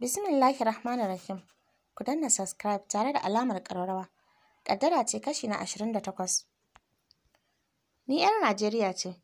Bismillahir Rahmanir Rahim. Ku danna subscribe tare da alamar ƙararrawa. Ƙaddara ce kashi na 28. Ni 'yar Najeriya ce.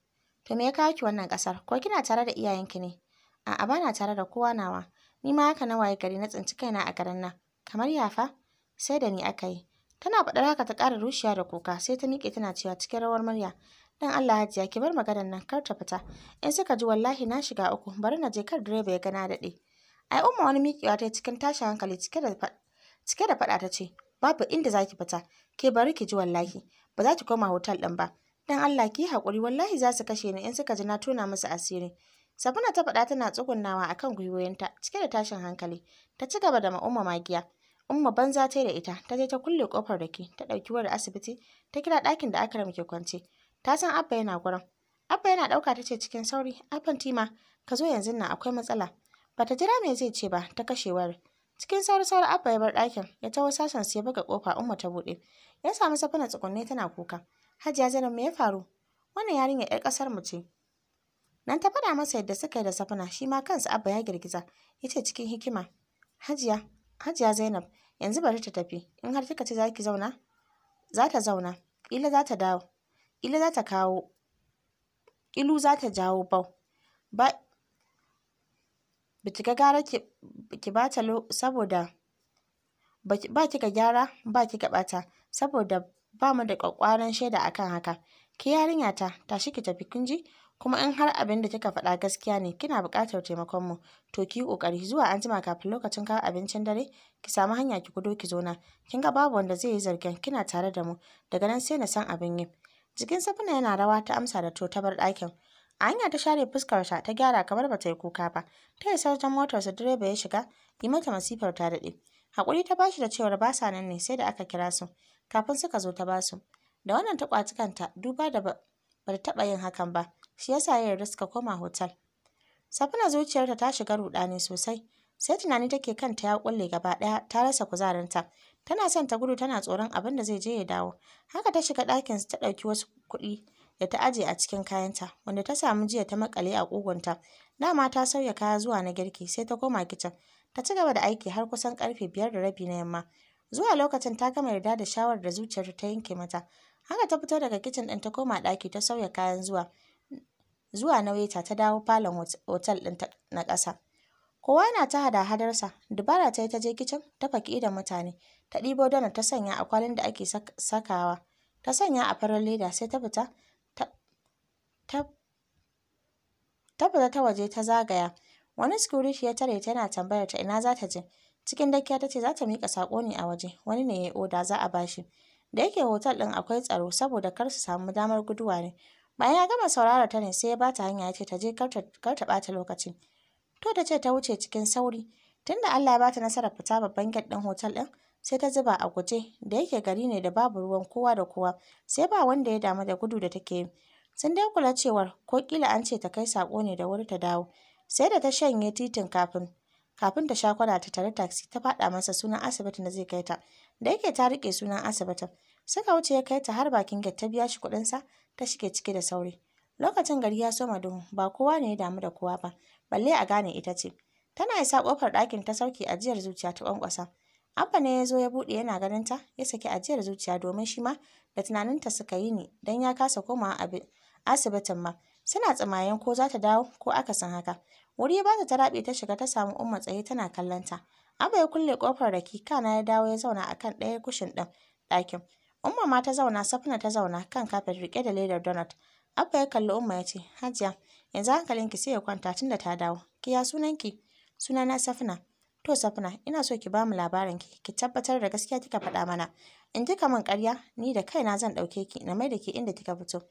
To me ya kawo ki wannan ƙasar? Ko kina tare da iyayenki ne? A'a bana bana tare da kowa nawa. Ni ma haka na waye gari na tsinci kaina a garin nan. Kamar yafa? Sai da ni aka yi. Tana faɗar haka ta ƙara rushiya da kuka sai ta miƙe tana cewa cikin rawar murya. Dan Allah Hajiya ki bar maganar nan kar ta fita. In suka ji wallahi na shiga uku bari na je kar direba ya gana daɗe. ai umma wani miƙewa ta cikin tashin hankali cike da faɗa ta ce babu inda zaki fita ke bari ki ji wallahi ba za ki koma hotel ɗin ba dan Allah ki hakuri wallahi za su kashe ni in suka ji na tuna musu asiri safuna ta faɗa tana tsugunnawa akan gwiwoyinta cike da tashin hankali ta ci gaba da ma'umma magiya Umma banza ta da ita, ta je ta kulle kofar da ke ta ɗauki wani asibiti, ta kira ɗakin da Akram ke kwance. Ta san Abba yana gurin. Abba yana ɗauka ta ce cikin sauri, "Abban Tima, ka zo yanzu nan akwai matsala." Bata jira me zai ce ba ta kashe wayar. Cikin sauri sauri Abba ya bar ɗakin ya taho sashen sai buga kofa Umma ta buɗe. Ya samu safina tsukunne tana kuka. Hajiya Zainab me ya faru? Wannan yarinya 'yar ƙasar mu ce. Nan ta fada masa yadda suka yi da safina shi ma kansa Abba ya girgiza. Ya ce cikin hikima. Hajiya, Hajiya Zainab, yanzu bari ta tafi. In har kika ce za ki zauna, za ta zauna. Ƙila za ta dawo. Ƙila za ta kawo. Ƙilu za ta jawo bau. Ba Baki ga gara ki bata saboda ba ki ga gyara ba ki ga bata saboda ba mu da kwakwaran shaida a kan haka ki yarinya ta tashi ki tafi kin ji kuma in har abin da kika faɗa gaskiya ne kina buƙatar taimakon mu to ki yi zuwa an jima kafin lokacin kawo abincin dare ki samu hanya ki gudo ki zauna kin ga babu wanda zai yi zargin kina tare da mu daga nan sai na san abin yi jikin safina yana rawa ta amsa da to ta bar ɗakin A hanya ta share fuskar ta gyara kamar ba ta yi kuka ba. Ta yi motar motarsa direba ya shiga, yi mata masifar ta daɗe. hakuri ta bashi da cewar ba sa nan ne sai da aka kira su, kafin suka zo ta ba su Da wannan ta ƙwaci kanta duba da ba ta taɓa yin hakan ba, shi yasa ya yarda suka koma hotel. Safina zuciyarta ta shiga ruɗani sosai, sai tunani take kanta ya ƙulle gaba ɗaya ta rasa kuzarinta. Tana son ta gudu tana tsoron abin da zai je ya dawo. Haka ta shiga ɗakin ta ɗauki wasu kuɗi da ta aje a cikin kayanta wanda ta samu jiya ta makale a ƙugunta. Dama ta sauya kaya zuwa na girki sai ta koma kicin. Ta ci gaba da aiki har kusan karfe biyar da rabi na yamma. Zuwa lokacin ta gama yarda da shawarar da zuciyarta ta yanke mata. Haka ta fito daga kicin din ta koma daki ta sauya kayan zuwa zuwa na weta ta dawo falon otal ɗin na kasa Kowa na ta hada-hadarsa, dubara ta yi ta je kicin ta faki da mutane, ta ɗibo donar ta sanya a kwalin da ake sakawa, ta sanya a farar leda sai ta fita ta fita ta waje ta zagaya. Wani security ya tare ta yana tambayar ta ina za ta je. Cikin dakiya ta ce za ta miƙa saƙo ne a waje, wani ne ya yi oda za a bashi. Da yake hotel ɗin akwai tsaro saboda kar su samu damar guduwa ne. Bayan ya gama saurara ta ne sai ya bata hanya ya ce ta je kar ta ɓata lokaci. To ta ce ta wuce cikin sauri. Tunda Allah ya bata nasarar fita babban gate ɗin hotel ɗin, sai ta zuba a guje da yake gari ne da babu ruwan kowa da kowa, sai ba wanda ya damu da gudu da take yi. Sun dai kula cewar ko kila an ce ta kai sako ne da wuri ta dawo, sai da ta shanye titin kafin kafin ta sha kwana ta tare taxi ta faɗa masa sunan asibitin da zai kai ta. Da yake ta riƙe sunan asibitin, suka wuce ya kai ta har bakin gate ta biya shi sa ta shige ciki da sauri. Lokacin gari ya soma duhu, ba kowa ne ya damu da kowa ba, balle a gane ita ce. Tana isa kofar ɗakin ta sauke ajiyar zuciya ta ƙwanƙwasa. Abba ne ya zo ya buɗe yana ganin ta, ya saki ajiyar zuciya domin shi ma da tunaninta suka yi ne, don ya kasa komawa abin asibitin ma suna tsimayen, ko za ta dawo ko akasin haka wuri ya bata ta raɓe ta shiga ta samu umma tsaye tana kallon ta abba ya kulle kofar raki. kana ya dawo ya zauna akan ɗaya kushin ɗin ɗakin umma ma ta zauna safina ta zauna kan kafet riƙe da ledar donut abba ya kalli umma ya ce hajiya yanzu hankalinki sai ya kwanta tun da ta dawo ki ya sunanki sunana safina To Safina, ina so ki bamu labarin ki, ki tabbatar da gaskiya kika faɗa mana. In kika min ƙarya, ni da kaina zan ɗauke ki na mai da ki inda kika fito.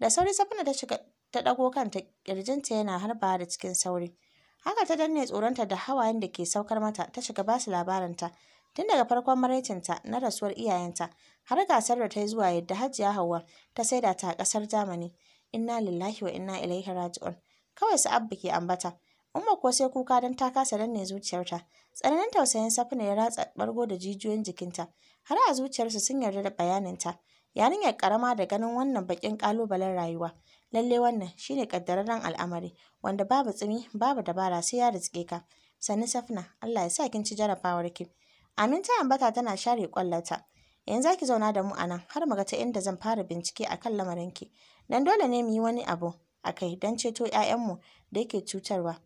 Da sauri Safina ta shiga ta ɗago kanta ƙirjinta yana harbawa da cikin sauri. Haka ta danne tsoronta da hawayen da ke saukar mata ta shiga ba su labarinta. Tun daga farkon maraicinta na rasuwar iyayenta har gasar da ta yi zuwa yadda Hajiya Hauwa ta saida ta a ƙasar Germany. Inna lillahi wa inna ilaihi raji'un. Kawai su Abba ke ambata. Umma ko sai kuka don ta kasa danne zuciyarta. Tsananin tausayin Safina ya ratsa bargo da jijiyoyin jikinta. Har a zuciyarsa sun yarda da bayaninta. Yarinyar ƙarama da ganin wannan baƙin ƙalubalen rayuwa, lalle wannan shine kaddararren ran al'amari wanda babu tsimi babu dabara sai ya riske ka. sani Safna, Allah ya sa kin ci jarabawarki. Amin ta ambata tana share kwallonta Yanzu zaki zauna da mu a nan har mu ga ta inda zan fara bincike a kan ki dan dole ne mu yi wani abu a kai don ceto 'ya'yanmu da yake cutarwa.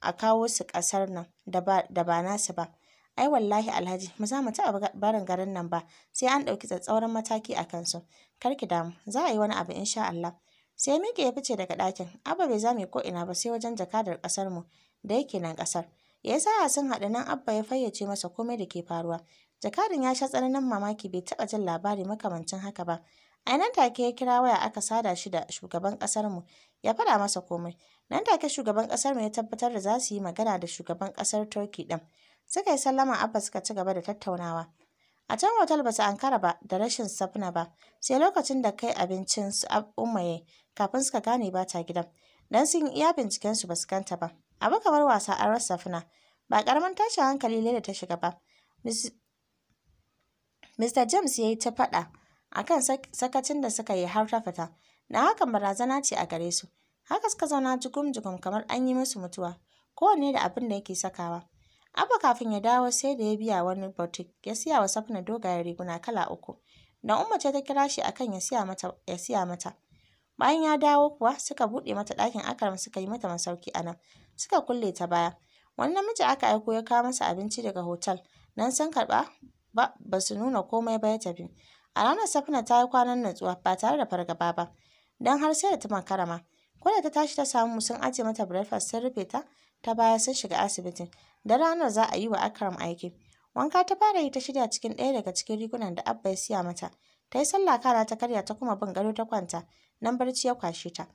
A kawo su ƙasar nan da ba nasu ba. Ai wallahi Alhaji, mu za mu taɓa barin garin nan ba, sai an ɗauki tsatsauran mataki a kansu. Kar ki damu, za a yi wani abu insha Allah. Sai miƙe ya fice daga ɗakin, Abba bai mu ko ina ba sai wajen jakadar ƙasar mu da yake nan ƙasar. Ya sa sun haɗu nan Abba ya fayyace masa komai da ke faruwa. Jakadin ya sha tsananin mamaki bai taɓa jin labari makamancin haka ba. A nan take ya kira waya aka sada shi da shugaban ƙasar mu ya faɗa masa komai. Nan take shugaban ƙasar mu ya tabbatar da za su yi magana da shugaban ƙasar Turkey ɗin. Suka yi sallama Abba suka ci gaba da tattaunawa. A can hotel ba su ankara ba da rashin safna ba, sai lokacin da kai abincin su ummaye kafin suka gane ba ta gidan. Dan sun iya binciken su ba su kanta ba. Abu kamar wasa an rasa safna. Ba karamin tashin hankali da ta shiga ba. Mr. James ya yi ta faɗa akan sakacin da suka yi har ta fita. Na hakan barazana ce a gare su. Haka suka zauna jugum-jugum kamar an yi musu mutuwa, kowanne da abin da yake sakawa. Abba kafin ya dawo sai da ya biya wani boutique ya siya wa Safna dogayen riguna kala uku. Da Umma ce ta kira shi akan ya siya mata ya siya mata. Bayan ya dawo kuwa suka buɗe mata ɗakin Akram suka yi mata masauki a nan. Suka kulle ta baya. Wani namiji aka aiko ya kawo masa abinci daga hotel. Nan sun karɓa ba ba su nuna komai ba ya tafi. A ranar Safna ta yi kwanan natsuwa ba tare da fargaba ba. Don har sai da ta makarama. ma. Ko ta tashi ta samu sun ajiye mata breakfast sun rufe ta ta baya sun shiga asibitin da ranar za a yi wa Akram aiki. Wanka ta fara yi ta shirya cikin ɗaya daga cikin rigunan da Abba ya siya mata. Ta yi sallah kara ta karya ta kuma bin gado ta kwanta, nan barci ya kwashe ta.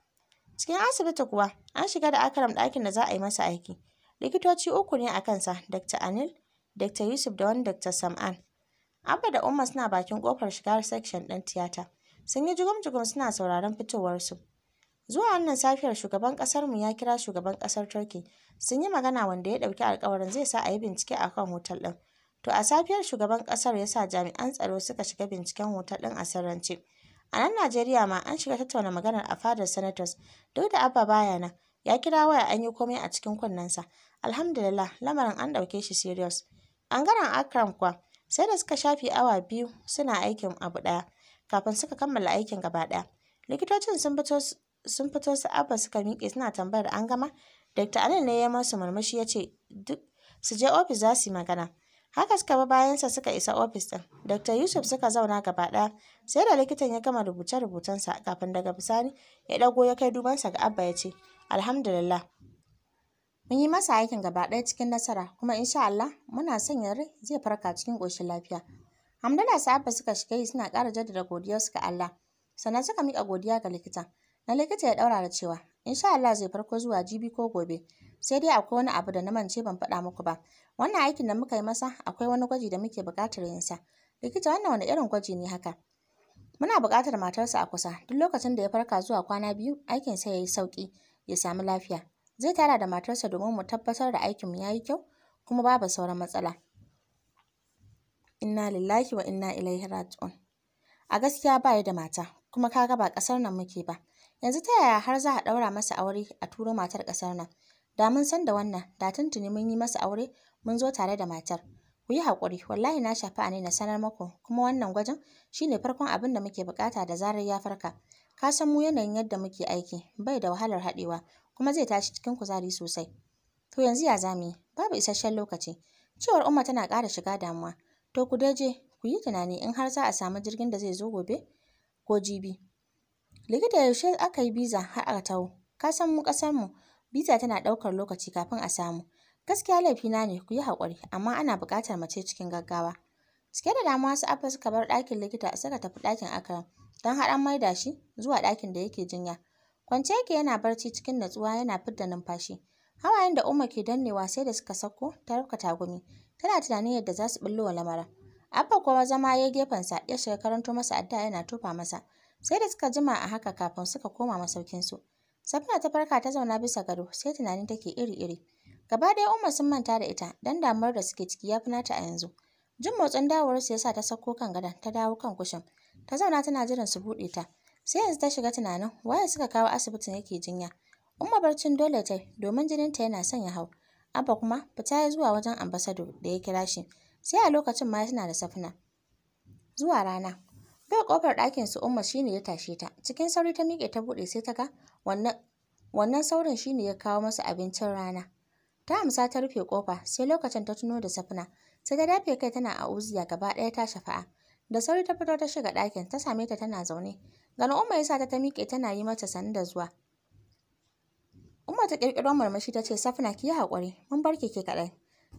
Cikin asibiti kuwa, an shiga da Akram ɗakin da za a yi masa aiki. Likitoci uku ne a kansa, Dr. Anil, Dr. Yusuf da wani Dr. Sam'an. Abba da Umma suna bakin kofar shiga section ɗin tiyata. Sun yi jugum-jugum suna sauraron fitowarsu. Zuwa wannan safiyar shugaban ƙasarmu ya kira shugaban ƙasar Turkey sun yi magana wanda ya ɗauki alkawarin zai sa a yi bincike a kan hotel ɗin. To a safiyar shugaban ƙasar ya sa jami'an tsaro suka shiga binciken hotel ɗin a sirrance. A nan Najeriya ma an shiga tattauna maganar a fadar Senators duk da Abba baya nan. Ya kira waya an yi komai a cikin kunnensa. Alhamdulillah lamarin an ɗauke shi serious. Ɓangaren Akram kuwa sai da suka shafi awa biyu suna aikin abu ɗaya kafin suka kammala aikin gaba ɗaya. Likitocin sun fito sun fito su abba suka miƙe suna tambayar an gama Dr. Allen ne ya masu murmushi ya ce duk su je ofis za su yi magana. Haka suka bi bayansa suka isa ofis ɗin. Dr. Yusuf suka zauna gaba ɗaya sai da likitan ya gama rubuce rubutensa kafin daga bisani ya ɗago ya kai dubansa ga Abba ya ce alhamdulillah. Mun yi masa aikin gaba ɗaya cikin nasara kuma insha Allah muna sanya rai zai farka cikin ƙoshin lafiya. Hamdala su Abba suka shiga yi suna ƙara jaddada godiyarsu ga Allah. Sannan suka miƙa godiya ga likita Na likita ya ɗaura da cewa insha Allah zai farko zuwa jibi ko gobe sai dai akwai wani abu da na mance ban faɗa muku ba wannan aikin da muka yi masa akwai wani gwaji da muke buƙatar yin sa likita wannan wani irin gwaji ne haka muna buƙatar matarsa a kusa duk lokacin da ya farka zuwa kwana biyu aikin sa yayi sauki ya samu lafiya zai tara da matarsa domin mu tabbatar da aikin mu yayi kyau kuma babu sauran matsala inna lillahi wa inna ilaihi raji'un a gaskiya ba da mata kuma kaga ba ƙasar nan muke ba Yanzu ta yaya har za a ɗaura masa aure a turo matar ƙasar nan? Da mun san da wannan, da tuntuni mun yi masa aure mun zo tare da matar. Ku yi haƙuri, wallahi na shafi ne na sanar maku, kuma wannan gwajin shine farkon abin da muke buƙata da zarar ya farka. Ka san mu yanayin yadda muke aiki, bai da wahalar haɗewa, kuma zai tashi cikin kuzari sosai. To yanzu ya zamu yi? Babu isasshen lokaci. Cewar Umma tana ƙara shiga damuwa. To ku dai ku yi tunani in har za a samu jirgin da zai zo gobe ko jibi. Likita yaushe aka yi biza har aka taho? Ka san mu ƙasar mu biza tana ɗaukar lokaci kafin a samu. Gaskiya laifina ne ku yi haƙuri amma ana buƙatar mace cikin gaggawa. Cike da damuwa su Abba suka bar ɗakin likita suka tafi ɗakin Akram don har an maida shi zuwa ɗakin da yake jinya. Kwance yake yana barci cikin natsuwa yana fidda numfashi. Hawayen da Umar ke dannewa sai da suka sauko ta rufka tagumi. Tana tunanin yadda za su ɓullo wa lamarin. Abba kuma zama ya gefensa ya shiga karanto masa addu'a yana tofa masa. Sai da suka jima a haka kafin suka koma masaukinsu. Safina ta farka ta zauna bisa gado sai tunanin take iri-iri. Gaba ɗaya Umma sun manta da ita don damar da suke ciki ya fi nata a yanzu. Jin motsin dawowarsu ya sa ta sauko kan gadon ta dawo kan kushin. Ta zauna tana jiran su buɗe ta. Sai yanzu ta shiga tunanin waye suka kawo asibitin yake jinya. Umma barcin dole ta domin jininta yana son ya hau. Abba kuma fita ya zuwa wajen ambasado da ya kira shi. Sai a lokacin ma suna da safina. Zuwa rana. Bel kofar ɗakin su Umma shine ya tashe ta. Cikin sauri ta miƙe ta buɗe sai ta ga wannan wannan saurin shine ya kawo masa abincin rana. Ta amsa ta rufe kofa sai lokacin ta tuno da safina. Sai ta dafe kai tana a uziya gaba ɗaya ta shafa'a. Da sauri ta fito ta shiga ɗakin ta same ta tana zaune. Ganin Umma ya sa ta ta miƙe tana yi mata sani da zuwa. Umma ta ƙirƙiro murmushi ta ce Safina ki yi haƙuri mun bar ki ke kaɗai.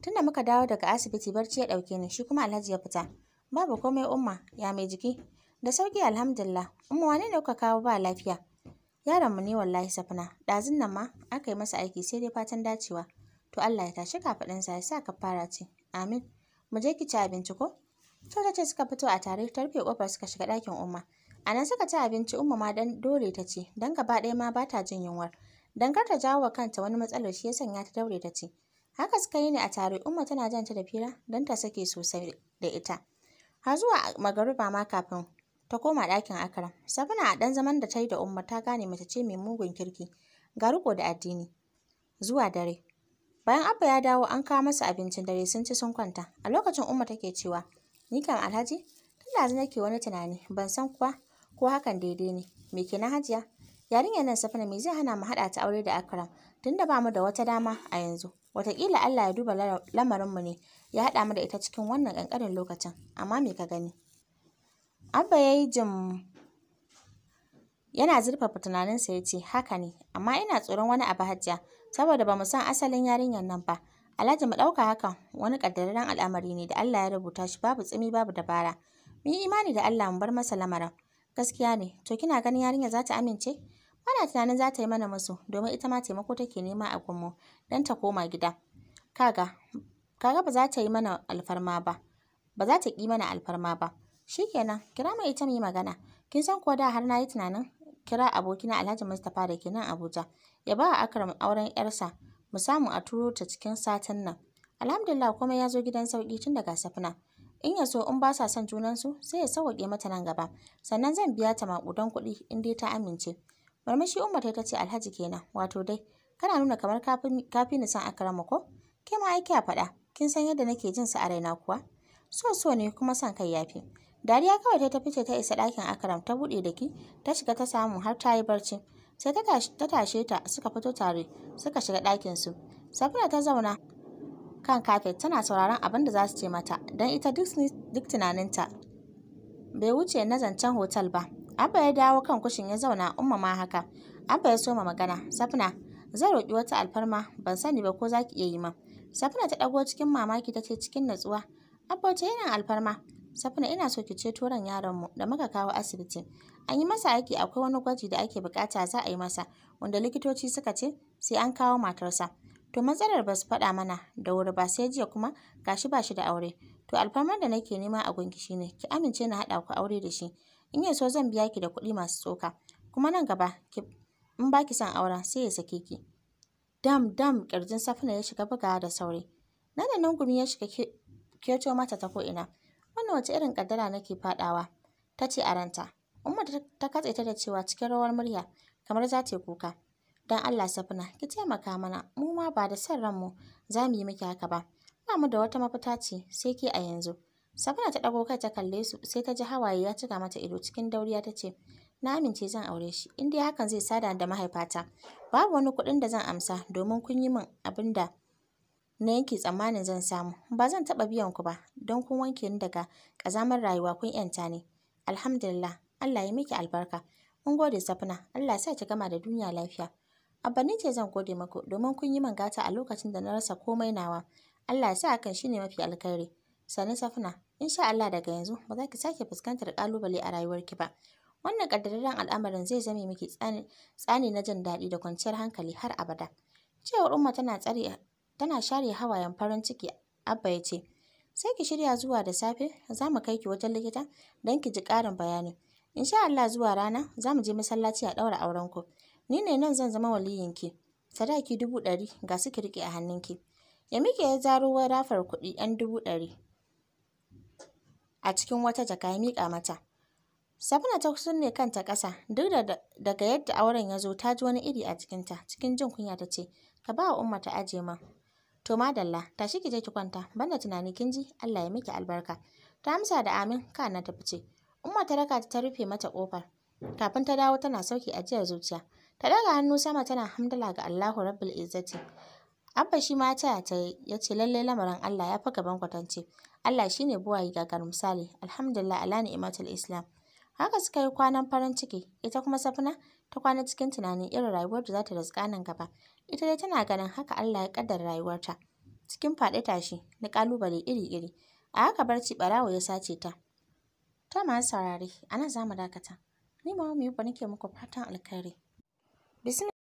Tunda muka dawo daga asibiti barci ya ɗauke ni shi kuma Alhaji ya fita. Babu komai Umma ya mai jiki. Da sauki alhamdulillah. Umma wane ne kuka kawo ba lafiya? Yaron mu ne wallahi safina. Ɗazun nan ma aka yi masa aiki sai dai fatan dacewa. To Allah ya tashi sa ya sa fara ce. Amin. Mu je ki ci abinci ko? To ta ce suka fito a tare ta rufe kofar suka shiga ɗakin Umma. A nan suka abinci Umma ma dan dore ta ce dan gaba ɗaya ma ba ta jin yunwar. Dan kar ta jawo wa kanta wani matsalar shi ya sanya ta daure ta ce. Haka suka yi ne a tare Umma tana jan ta da fira don ta sake sosai da ita. Har zuwa magariba ma kafin ta koma ɗakin Akram. Safina a ɗan zaman da ta yi da Umma ta gane mace ce mai mugun kirki, ga riko da addini. Zuwa dare. Bayan Abba ya dawo an kawo masa abincin dare sun ci sun kwanta. A lokacin Umma take cewa, "Ni kam Alhaji, tun da nake wani tunani, ban san kuwa ko hakan daidai ne. Me ke na Hajiya? "Yarinya nan Safina me zai hana mu haɗa ta aure da Akram tun da bamu da wata dama a yanzu?" Watakila Allah ya duba lamarinmu ne ya haɗa mu da ita cikin wannan ƙanƙanin lokacin, amma me ka gani? Abba ya yi jim yana zurfafa tunaninsa ya ce haka ne amma ina tsoron wani abu hajja saboda ba mu san asalin yarinyar nan ba. Alhaji mu ɗauka hakan wani ƙaddararren al'amari ne da Allah ya rubuta shi babu tsimi babu dabara. Mun yi imani da Allah mu bar masa lamarin. Gaskiya ne to kina ganin yarinyar za ta amince? Bana tunanin za ta yi mana musu domin ita ma taimako take nema a gunmu don ta koma gida. Kaga kaga ba za ta yi mana alfarma ba. Ba za ta ƙi mana alfarma ba. Shikenan, kira mai ita mu magana. Kin san kuwa da har na yi tunanin kira abokina Alhaji Mustapha da ke nan Abuja ya ba Akram auren 'yarsa mu samu a turo ta cikin satin nan. Alhamdulillah komai ya zo gidan sauki tun daga safina. In ya so in ba sa son su? sai ya sauwaƙe mata nan gaba. Sannan zan biya ta maƙudan kuɗi in dai ta amince. Marmashi Umma ta ce Alhaji kenan wato dai kana nuna kamar kafi ni san Akrama ko? Ke ma aiki a faɗa kin san yadda nake jin sa a raina kuwa? So so ne kuma son kai yafi. Dariya kawai ta tafi ta isa ɗakin Akram ta buɗe da ki, ta shiga ta samu har ta yi barci. Sai ta tashe ta suka fito tare suka shiga ɗakin su. Safina ta zauna kan kafet tana sauraron abin da za su ce mata don ita duk tunaninta bai wuce na zancen hotel ba. Abba ya dawo kan kushin ya zauna umma ma haka. Abba ya soma magana, Safina, zan roƙi wata alfarma ban sani ba ko zaki iya yi ma Safina ta ɗago cikin mamaki ta ce cikin natsuwa, Abba ta yana alfarma. Safina ina so ki ceto ran yaron mu da muka kawo asibiti. An yi masa aiki akwai wani gwaji da ake bukata za a yi masa wanda likitoci suka ce sai an kawo matarsa. To matsalar ba su faɗa mana da wuri ba sai jiya kuma gashi ba shi da aure. To alfarmar da nake nema a gunki shine ki amince na haɗa ku aure da shi. In ya so zan biya ki da kuɗi masu tsoka. Kuma nan gaba ki in ba ki son auren sai ya sake ki. Dam dam ƙirjin Safina ya shiga bugawa da sauri. Nan da nan gumi ya shiga keto mata ta ko ina wannan wace irin kaddara nake faɗawa ta ce a ranta umma ta katse ta da cewa cikin rawar murya kamar za ta kuka dan Allah safina ki taimaka mana mu ma ba da san ranmu za mu yi miki haka ba ba mu da wata mafita ce sai ke a yanzu safina ta dago kai ta kalle su sai ta ji hawaye ya cika mata ido cikin dauriya ta ce na amince zan aure shi in dai hakan zai sada da mahaifata babu wani kuɗin da zan amsa domin kun yi min abin da na yanke tsammanin zan samu. Ba zan taɓa biyan ku ba, don kun wanke ni daga ƙazamar rayuwa kun ‘yanta ne. Alhamdulillah, Allah ya miki albarka. Mun gode Safina, Allah ya sa ki gama da duniya lafiya. Abba ce zan gode maku. domin kun yi min gata a lokacin da na rasa komai nawa. Allah ya sa hakan shine mafi alkhairi. Sani Safina, insha Allah daga yanzu ba za ki sake fuskantar ƙalubale a rayuwarki ba. Wannan ƙaddararren al'amarin zai zame miki tsani na jin daɗi da kwanciyar hankali har abada. Cewar Umma tana tsare tana share hawayen farin ciki abba ya ce sai ki shirya zuwa da safe za mu kai ki wajen likita don ki ji ƙarin bayani insha Allah zuwa rana za mu je masallaci a ɗaura auren ku ni ne nan zan zama waliyinki sadaki dubu ɗari ga su ki riƙe a hannunki ya miƙe ya zaro rafar kuɗi ɗan dubu ɗari a cikin wata jaka ya miƙa mata Safina ta sunne kanta ƙasa duk da daga yadda auren ya zo ta ji wani iri a jikinta cikin jin kunya ta ce ka ba wa umma ta ajiye ma To madalla, tashi ki je ki kwanta, banda tunani kin ji, Allah ya miki albarka. Ta amsa da amin, ka na ta fice. Umma ta raka ta rufe mata kofar. Kafin ta dawo tana sauki ajiyar zuciya. Ta daga hannu sama tana hamdala ga Allahu Rabbul Izzati. Abba shi ma ta ta ya ce lalle lamarin Allah ya fi gaban kwatance. Allah shine buwayi gagar misali. Alhamdulillah ala ni'matul Islam. Haka suka yi kwanan farin ciki, ita kuma Safina ta kwana cikin tunanin irin rayuwar da za ta rasu nan gaba. Ita dai tana ganin haka Allah ya kaddara rayuwarta. Cikin faɗi tashi na ƙalubale iri-iri. A haka barci ɓarawo ya sace ta. Ta masu saurare, a nan za mu dakata. Ni ma mu yi nake muku fatan alkhairi. Bismillah.